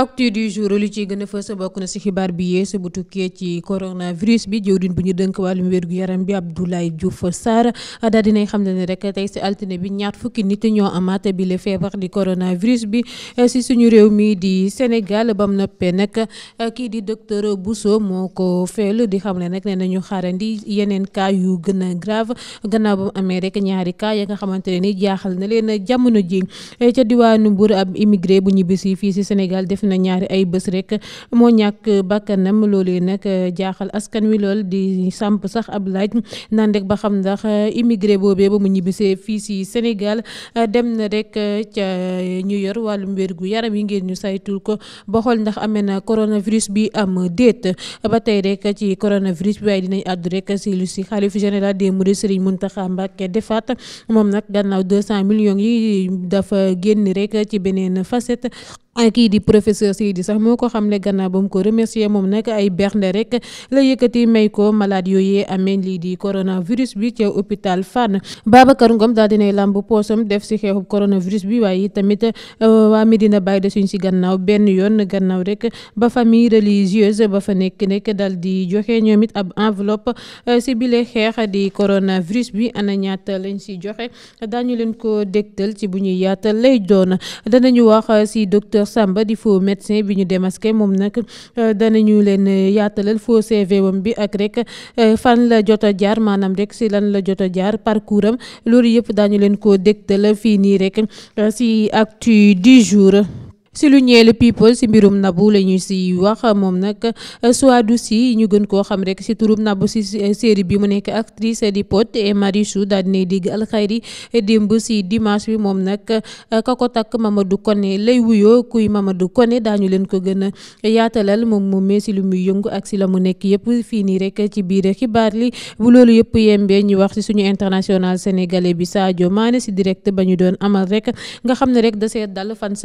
actu du jour li ci gën a fës bokk na si xibaar bi yées bu tukkee ci coronavirus bi jëwriñ bu ñu dënk wàllum wérgu yaram bi Abdoulaye Diouf Sarr daal dinay xam ne ne rek tey si altine bi ñaar fukki nit ñoo amaat bi le feebar di coronavirus bi si suñu réew mi di Sénégal bam noppee nag kii di docteur Bousso moo ko feel di xam ne nag nee nañu xaarandi yeneen cas yu gën a grave gannaaw ba amee rek ñaari cas ya nga xamante ne ni jaaxal na leen jamono ji ca diwaanu Mbour ab immigré bu ñibbisi fii si Sénégal def na ñaari ay bés rek moo ñàkk bakkanam loolu nag jaaxal askan wi lool di samp sax ab laaj naan rek ba xam ndax immigré boobee ba mu ñibbisee fii si Sénégal dem na rek ca ñu yor wàllum wér gu yaram yi ngeen ñu saytul ko ba xool ndax amee na coronavirus bi am déet ba tey rek ci coronavirus bi waaye dinañ àddu rek si lu si xalifu général des mourides Serigne Mountakha Mbacké defaat moom nag gannaaw 200 millions yi dafa génn rek ci beneen facette ay kii di professeur Seydi sax moo ko xamle gannaaw ba mu ko remercier moom nag ay bernde rek la yëkkati may ko malade yooyee amee lii di coronavirus bi ca hôpital Fann Babacar Ngom daal dinay làmb poosam def si xeexu coronavirus bi waaye tamit euh, waa Medina Baye de suñ si gannaaw benn yoon gannaaw rek ba famille religieuse ba fa nekk nekk dal di joxe ñoom it ab enveloppe si euh, bile xeex di coronavirus bi ana ñaata lañ si joxe daañu leen ko dégtal ci bu ñuy yaatal lay doon docteur Samba di faux médecin bi ñu démasqué moom nag euh, danañu leen euh, yaatalal faux CV wam bi ak rek euh, fan la jot a jaar maanaam rek si lan la jot a jaar parcours am loolu yëpp daañu leen ko dégtal fii nii rek si actu du jour. si lu ñeel people si mbirum Nabou la ñu si wax moom nag Souadou si ñu gën koo xam rek si turum Nabou si série bi mu nekk actrice di pot et Marichou daal dinay dégg alxayri démb si dimanche bi moom nag ka ko takk Mamadou Koné lay wuyoo kuy Mamadou Koné daañu leen ko gën a yaatalal moom moom mee si lu muy yëngu ak si la mu nekk yëpp fii nii rek ci biir xibaar li bu loolu yëpp yembee ñu wax si suñu international sénégalais bi Sadio Mané si direct ba ñu doon amal rek nga xam ne rek da seet dal fan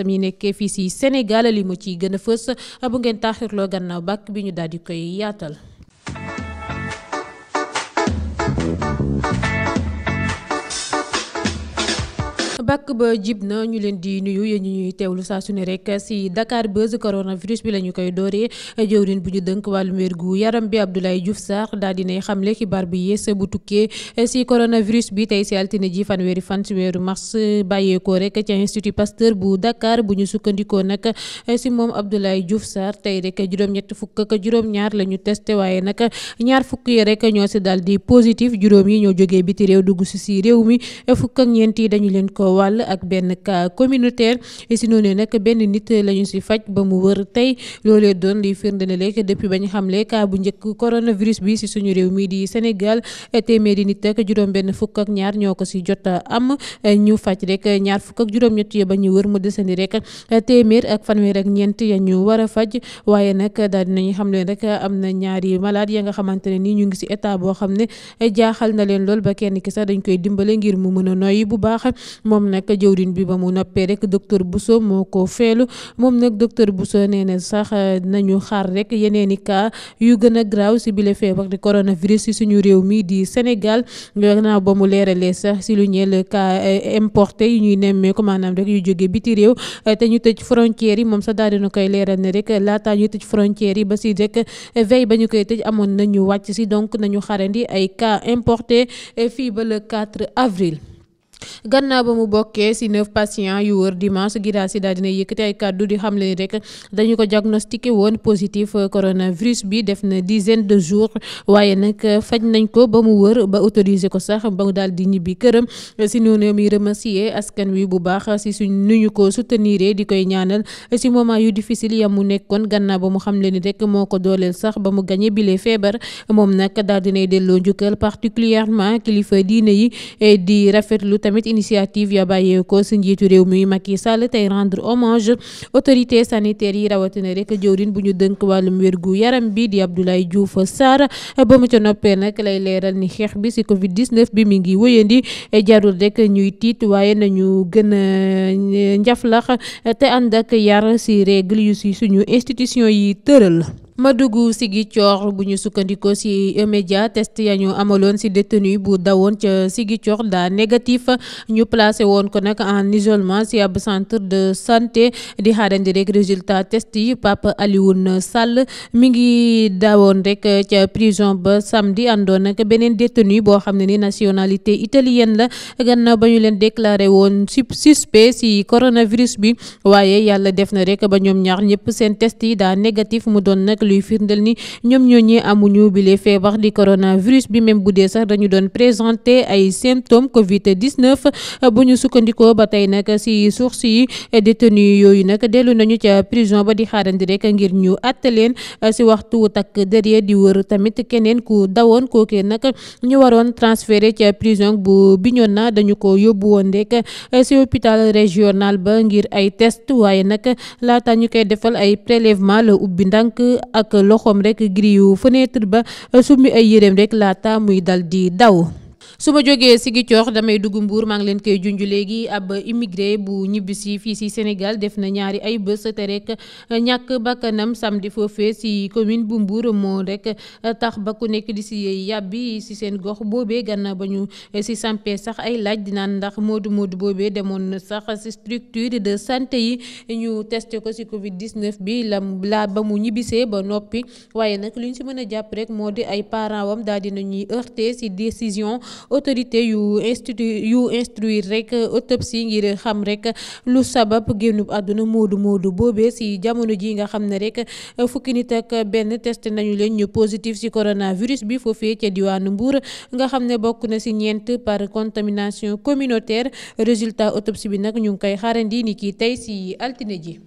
si Sénégal yi mu ciy gën a fës bu ngeen taaxirloo gannaaw bàkk bi ñu daal di koy yaatal. bàkk ba jib na ñu leen di nuyu yéen ñu ñuy teewlu saa su ne rek si Dakar Buzz coronavirus bi la ñu koy dooree jëwriñ bu ñu dënk wàllum wér gu yaram bi Abdoulaye Diouf Sarr daal dinay xamle xibaar bu yées bu tukkee si coronavirus bi tey si altine ji weeri fan si weeru mars bàyyeekoo rek ci institut Pasteur bu Dakar bu ñu sukkandikoo nag si moom ay Diouf Sarr tey rek juróom-ñett fukk ak juróom-ñaar la ñu testé waaye nag ñaar fukk yi rek ñoo si daal di positif juróom yi ñoo jógee biti réew dugg si si réew mi wàll ak benn cas communautaire si noonu nag benn nit la ñu si faj ba mu wër tey loolee doon liy firnde ne lekk depuis ba ñu xamle cas bu njëkk coronavirus bi si suñu réew mii di Sénégal téeméeri nit ak juróom-benn fukk ak ñaar ñoo ko si jot am ñu faj rek ñaar fukk ak juróom-ñett ya ba ñu wër mu desandi rek téeméer ak fanweer ñeent ya ñu war a faj waaye nag daal dinañu xam leen rek am na ñaari malade ya nga xamante ne nii ñu ngi si état boo xam ne jaaxal na leen lool ba kenn ki sax dañ koy dimbale ngir mu mën a moom nag jëwriñ bi ba mu noppee rek docteur Bousso moo ko feelu moom nag docteur Bousso nee na sax euh, nañu xaar rek yeneen i cas yu gën a graaw si bile feebar di coronavirus yi suñu réew mii di Sénégal gannaaw ba mu leeralee sax si lu ñeel cas euh, importé yu ñuy nemmee ko maanaam rek yu jóge biti réew euh, te ñu tëj frontières yi moom sax daal dina koy leeral ne rek laataa ñu tëj frontières yi ba si rek veille ba ñu koy tëj amoon nañu wàcc si donc nañu xarandi ay cas importé fii ba le 4 avril gannaaw ba mu bokkee ci neuf patients yu wër dimanche Guirassy daal dina yëkkati ay kàddu di xamle ni rek dañu ko diagnostiqué woon positif coronavirus bi def na dizaine de jours waaye nag faj nañ ko ba mu wër ba autorisé ko sax ba mu daal di ñibbi këram ci noonu muy remercier askan wi bu baax ci suñ nu ñu ko soutenir di koy ñaanal ci moment yu difficile ya mu nekkoon gannaa ba mu xamle ni rek moo ko dooleel sax ba mu gañe bile feebar moom nag daal dinay delloo njukkal particulièrement kilifa diine yi tamit initiative ya bàyyeekoo si njiitu réew mi yi Sall tey rendre hommage autorité sanitaire yi rawatina rek jëwriñ bu ñu dënk wàllum wérgu yaram bi di Abdoulaye Diouf Sarr ba mu ca noppee nag lay leeral ni xeex bi si Covid 19 bi mu ngi wëyandi jarul rek ñuy tiit waaye nañu gën a njaflax te ànd ak yar si règle yu si suñu institution yi tëral. ma dugg Ziguinchor bu ñu sukkandikoo ci média test ya ñu amaloon ci détenu bu dawoon ca Ziguinchor daa négatif ñu placé woon ko nag en isolement ci ab centre de santé di xaarandi rek résultat test yi Pape Alioune Sall mi ngi dawoon rek ca prison ba samedi àndoon nag beneen détenu boo xam ne ni nationalité italienne la gannaaw ba ñu leen déclaré woon suspect ci coronavirus bi waaye yàlla def na rek ba ñoom ñaar ñëpp seen test yi daa négatif luy firndeel ni ñoom ñooñee amuñu bile feebar di coronavirus bi même bu dee sax dañu doon présenté ay symptômes Covid 19 bu ñu sukkandikoo ba tey nag si source yi détenu yooyu nag dellu nañu ca prison ba di xaarandi rek ngir ñu àtte leen si waxtu takk derrière di wër tamit keneen ku dawoon kookee nag ñu waroon transféré ca prison bu Bignona dañu ko yóbbu woon rek si hôpital régional ba ngir ay test waaye nag laata ñu koy defal ay prélèvement ak loxoom rek grille fenêtre ba summi ay yéreem rek laata muy dal di daw. su ma jógee Ziguinchor damay dugg mbuur maa ngi leen koy junj léegi ab immigré bu ñibbisi fii si Sénégal def na ñaari ay bés te rek ñàkk bakkanam samedi foofee si commune bu Mbour moo rek tax ba ku nekk di si yàbbi si seen gox boobee gannaaw ba ñu si sampee sax ay laaj dinaan ndax moodu moodu boobee demoon na sax si structure de santé yi ñu testé ko si Covid 19 bi la la ba mu ñibbisee ba noppi waaye nag lu ñu si mën a jàpp rek moo di ay parent wam daal dina ñuy heurté si décision. autorité yu institu yu instruire rek autopsie ngir xam rek lu sabab génnub àdduna moodu moodu boobee si jamono ji nga xam ne rek fukki nit ak benn test nañu leen ñu positif si coronavirus bi foofee ca diwaanu Mbour nga xam ne bokk na si ñeent par contamination communautaire résultat autopsie bi nag ñu ngi koy xaarandi ni kii tey si altine ji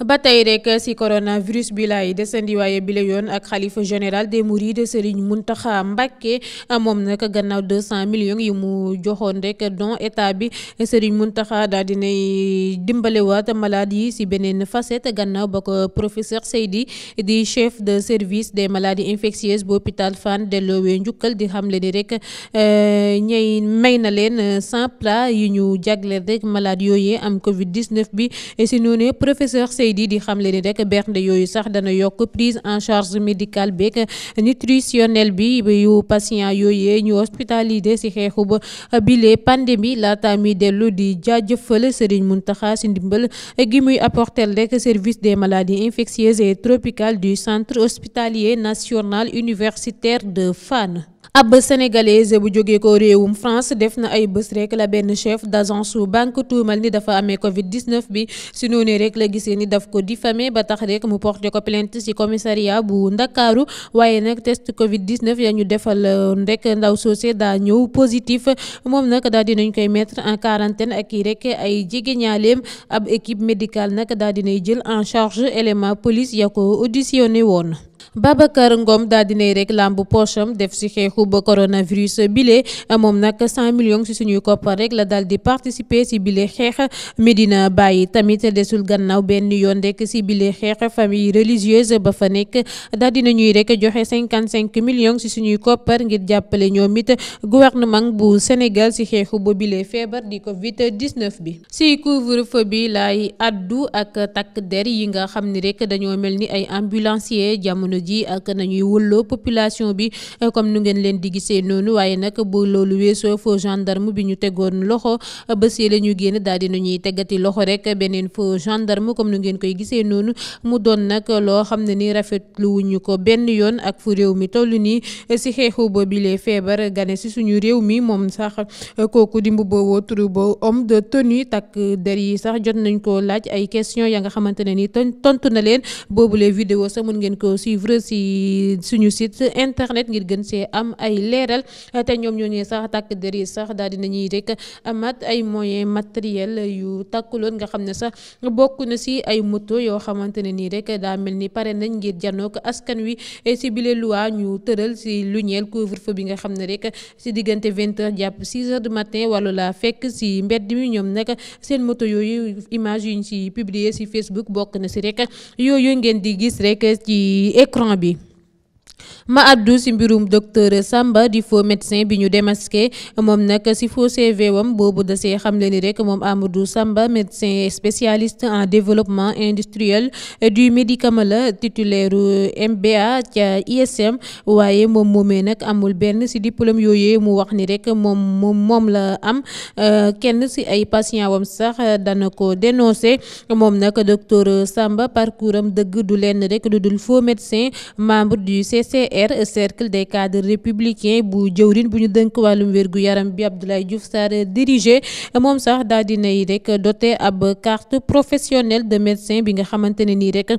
ba tey rek si coronavirus bi laay desandi waaye bile yoon ak xalifa général des mourides Serigne Mountakha Mbacké moom nag gannaaw 200 millions yi mu joxoon rek don état bi Serigne Mountakha daal dinay dimbalewaat malade yi si beneen facette gannaaw ba ko professeur Seydi di chef de service des maladies infectieuses bu hôpital Fann delloowee njukkal di xamle ni rek euh, ñey may na leen cent plats yi ñu jagleel rek malade yooyee am Covid 19 bi si noonu professeur Seydi di xamle ni rek bernde yooyu sax dana yokk prise en charge médical beeg nutritionnel bi yu patient yooyee ñu hospitalisé ci xeexu ba bile pandémie laata mi dellu di jaajëfal Serigne Mountakha ci ndimbal gi muy apporter rek service des maladies infectieuses et tropicales du centre hospitalier national universitaire de Fann ab sénégalaise bu jógee ko réewum France def na ay bés rek la benn chef d'agence su banque tuumal ni dafa amee Covid 19 bi si noonee rek la gisee ni daf ko diffamé ba tax rek mu porté ko plainte ci commissariat bu Ndakaaru waaye nag test Covid 19 ya ñu defal euh, rek ndaw soose daa ñëw positif moom nag daal dinañ koy mettre en quarantaine ak kii rek ay jegeñaaleem ab équipe médicale nag daal dinay jël en charge élément police ya ko auditionné woon. Babacar Ngom daa dinay rek làmb pocham def si xeexu ba coronavirus bile moom nag 100 millions si suñuy koppar rek la daal di participer si bile xeex Medina Baye tamit desul gannaaw benn yoon rek si bile xeex famille religieuse ba fa nekk daal dina ñuy rek joxe 55 millions si suñuy koppar ngir jàppale ñoom it gouvernement bu Sénégal si xeexu ba bile feebar di Covid 19 bi. si couvre-feu bi laay addu ak takk der yi nga xam ni rek dañoo mel ni ay ambulancier ji ak nañuy wëlloo population bi comme nu ngeen leen di gisee noonu waaye nag bu loolu weesoo faux gendarme bi ñu tegoon loxo bés yi la ñu génn daal di nañuy teggati loxo rek beneen faux gendarme comme nu ngeen koy gisee noonu mu doon nag loo xam ne ni rafetlu wuñu ko benn yoon ak fu réew mi toll nii si xeexu boobilee feebar gane si suñu réew mi moom sax kooku di mbubboo turu ba homme de tenue takk der yi sax jot nañ ko laaj ay question ya nga xamante suivre si suñu sit internet ngir gën see am ay leeral te ñoom ñoo ñee sax tàkk der yi sax daal dinañuy rek amat ay moyens matériels yu tàkkuloon nga xam ne sax bokk na si ay moto yoo xamante ne nii rek daa mel ni pare nañ ngir janook askan wi si bile loi ñu tëral si lu ñeel couvre-feu bi nga xam ne rek si diggante vingt heures jàpp six heures du matin wala la fekk si mbedd mi ñoom nag seen moto yooyu image yuñ si publier si Facebook bokk na si courant bi ma addu si mbirum docteur Samba di faux médecin bi ñu démasqué moom nag si foo CV wam boobu da see xamle ni rek moom Amadou Samba médecin spécialiste en développement industriel du médicament la titulaire MBA ca ISM waaye moom moomee nag amul benn si diplôme yooyee mu wax ni rek moom moom moom la am euh, kenn si ay patient wam sax dana ko dénoncé moom nag docteur Samba parcours am dëgg du lenn rek du dul foo médecin membre du CR cercle des cadres républicains bu jëwrin bu ñu dënk wàllum wérgu yaram bi Abdoulaye Diouf Sarr dirigé moom sax daal dinay rek doté ab carte professionnelle de médecin bi nga xamante ne nii rek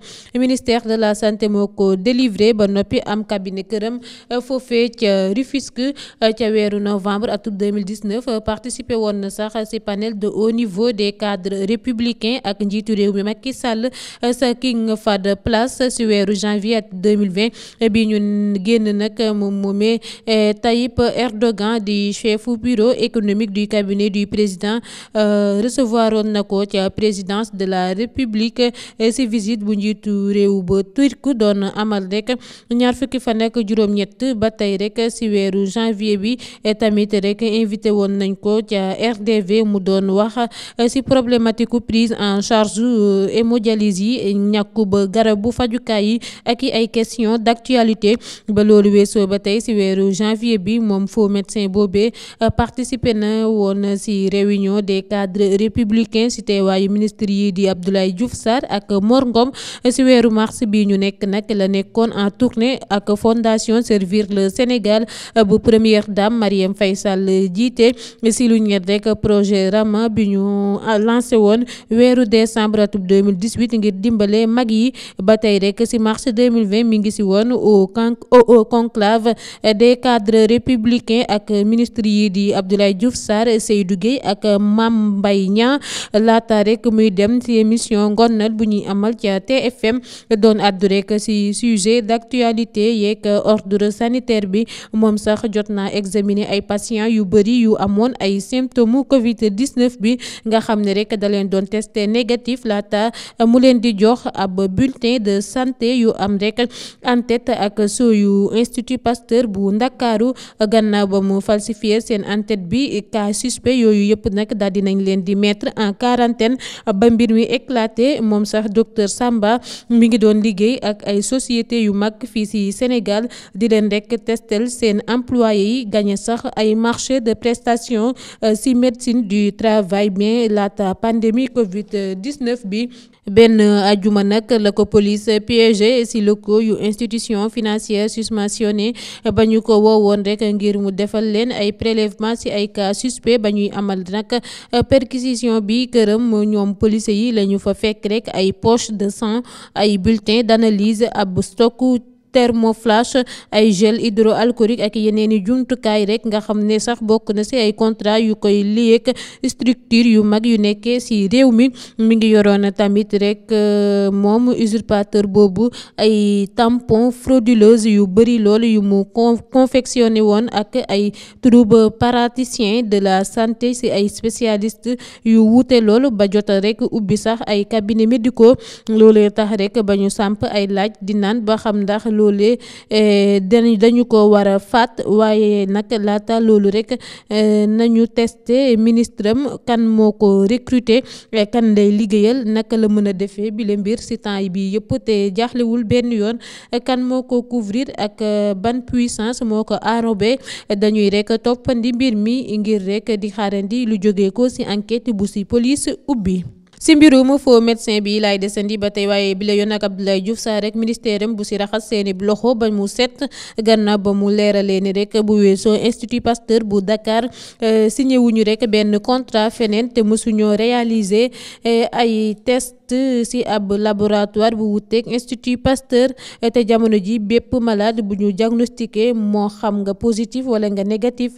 ministère de la santé moo ko délivré ba noppi am cabinet këram euh, foofee ca Rufisque euh, ca weeru novembre atum 2019 participé woon na sax ci panel de haut niveau des cadre républicains ak njiitu réew mi Macky Sall euh, sa King Fahd Palace ci weeru janvier 2020 bi ñu génn nag moom moomee eh, Tayyip Erdogan di chef bureau économique du cabinet du président euh, recevoir woon na ko ca présidence de la république si eh, visite bu njiitu réew ba turc doon amal rek ñaar fukki fan ak juróom-ñett ba tey rek si weeru janvier bi eh, tamit rek invité woon nañ ko ca RDV mu doon wax si problématique prise en charge euh, hémodialyse yi ñàkku ba garabu fajukaay yi ak i ay question d'actualité janvier ba loolu weesoo ba tey si weeru janvier bi moom faux médecin boobee euh, participer na woon si réunion des cadres républicains si teewaayu ministre yi di Abdoulaye Diouf Sarr ak Mor Ngom si weeru mars bi ñu nekk nag la nekkoon en tournée ak fondation Servir le Sénégal euh, bu première dame Marième Faye Sall jiite si lu ñet rek projet Rama bi ñu euh, lancé woon weeru décembre atub 2018 ngir dimbale mag yi ba tey rek si mars mi ngi si woon au conclave des cadres républicains ak ministre yi di Abdoulaye Diouf Sarr Seydou Guèye ak Mame Mbaye Niang laata rek muy dem ci émission ngonal bu ñuy amal ca TFM doon addu rek ci sujet d'actualité yeeg ordre sanitaire bi moom sax jot naa examiner ay patients yu bëri yu amoon ay symptômes Covid 19 bi nga xam ne rek da leen doon testé négatif laata mu leen di jox ab bulletin de santé yu am rek en ak. ak sooyu institut pasteur bu ndakaaru gannaaw ba mu falsifier seen entête bi cas suspect yooyu yëpp nag daal nañ leen di mettre en quarantaine ba mbir mi éclaté moom sax docteur Samba mu ngi doon liggéey ak ay société yu mag fii ci Sénégal di leen rekk testel seen employé yi gagné sax ay marché de prestation euh, ci médecine du travail bien laata pandémie Covid 19 bi benn juma nag la ko police piégé si locaux yu institution financière susmentionné ba ñu ko woowoon rek ngir mu defal leen ay prélèvement si ay cas suspect ba ñuy amal nag perquisition bi këram ñoom police yi la ñu fa fekk rek ay poche de sang ay bulletin d'analyse ab stock thermoflash ay gel hydroalcoolique ak yeneen i jumtukaay rek nga xam ne sax bokk na si ay contrat yu koy liyeeg structure yu mag yu nekkee si réew mi mi ngi yoroon tamit rek euh, moom usurpateur boobu ay tampon frauduleuse yu bëri lool yu mu confectionné woon ak ay trouble praticien de la santé si ay spécialiste yu wuute lool ba jota rek ubbi sax ay cabinet médicaux loolee tax rek ba ñu samp ay laaj di naan ba xam ndax loolee eh, dañu dañu ko war a faat waaye nag laata loolu rek eh, nañu testé ministre am kan moo ko recruter eh, kan lay liggéeyal naka la mën a defee bile mbir si temps bi yëpp te jaxlewul benn yoon kan moo ko couvrir ak ban puissance moo ko enrobé dañuy rek toppandi mbir mi ngir rekk di xaarandi lu jóge ko ci enquête bu ci police ubbi si mbirum faux médecin bi laay desandi ba tey waaye bi la yoon ak Abdoulaye Diouf Sarr rek ministère am bu si raxas seeni loxo ba mu set gannaaw ba mu leeralee ni rek bu weesoo institut Pasteur bu Dakar eh, si ñëwuñu rek benn contrat feneen te mësuñoo réaliser eh, ay test test ci ab laboratoire bu wuteeg institut Pasteur te jamono ji bépp malade bu ñu diagnostiqué moo xam nga positif wala nga négatif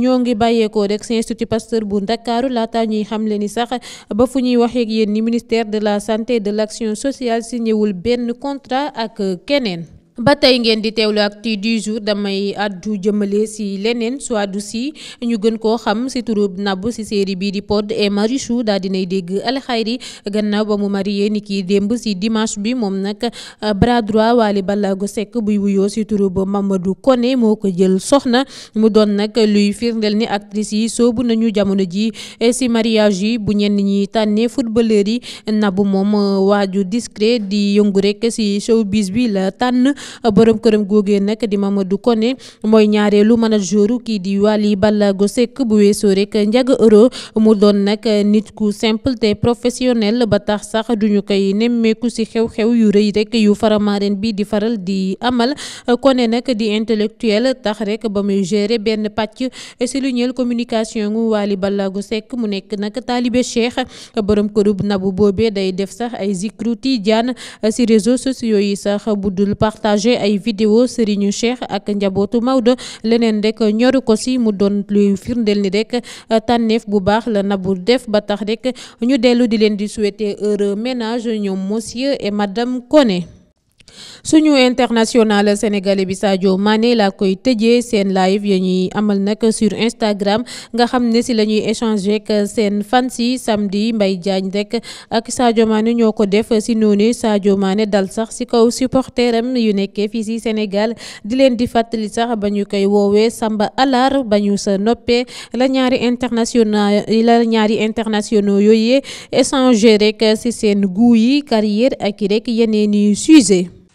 ñoo ngi bàyyeekoo rek ci institut Pasteur bu Ndakaaru laata ñuy xam le ni sax ba fu ñuy waxeeg yéen ni ministère de la santé de l'action sociale si ñëwul benn contrat ak keneen ba tey ngeen di teewlu actu du jour damay addu jëmale si leneen soit du si ñu gën koo xam si turub nabb si série bii di Pod et Marichou daa dinay dégg alxayri gannaaw ba mu marié ni kii démb si dimanche bi moom nag euh, bradroit droit Wally Ballago Seck buy wuyoo si turub Mamadou Koné moo ko jël soxna mu doon nag luy firndeel ni actrice yi soobu nañu jamono ji eh, si mariage yi bu ñenn ñi tànnee footballeur yi nabb moom euh, waaju discret di yëngu rek si showbiz bi la tànn borom këram googee nag di Mamadou Koné mooy ñaareelu manageru kii di Waly Ballago Seck bu weesoo rek Ndiaga Euro mu doon nag nit ku simple te professionnel ba tax sax duñu koy nemmeeku ci xew-xew yu rëy rek yu Faramareen bi di faral di amal Koné nag di intellectuel tax rek ba muy gérer benn pàcc si lu ñeel communication gu Waly Ballago mu nekk nag taalibe Cheikh borom kërub nabu boobee day def sax ay zikru tijaan ci réseaux sociaux yi partagé ay vidéo Serigne Cheikh ak njabootu Maodo leneen rek ñoru ko si mu doon luy firndeel ni rek tanneef bu baax la nabu def ba tax rek ñu dellu di leen di souhaiter heureux ménage ñoom mossieur et madame Koné suñu international sénégalais bi Sadio Mané la koy tëje seen live ya ñuy amal nag sur Instagram nga xam ne si la ñuy échanger ak seen fans yi samedi Mbaye Diagne rek ak Sadio Mané ñoo ko def si noonu Sadio Mané dal sax si kaw supporteram yu nekkee fii si Sénégal di leen di fàttali sax ba ñu koy woowee Samba Alar ba ñu sa noppee la ñaari international la ñaari internationaux yooyee échanger rek si seen goût yi carrière ak rek yeneen i sujet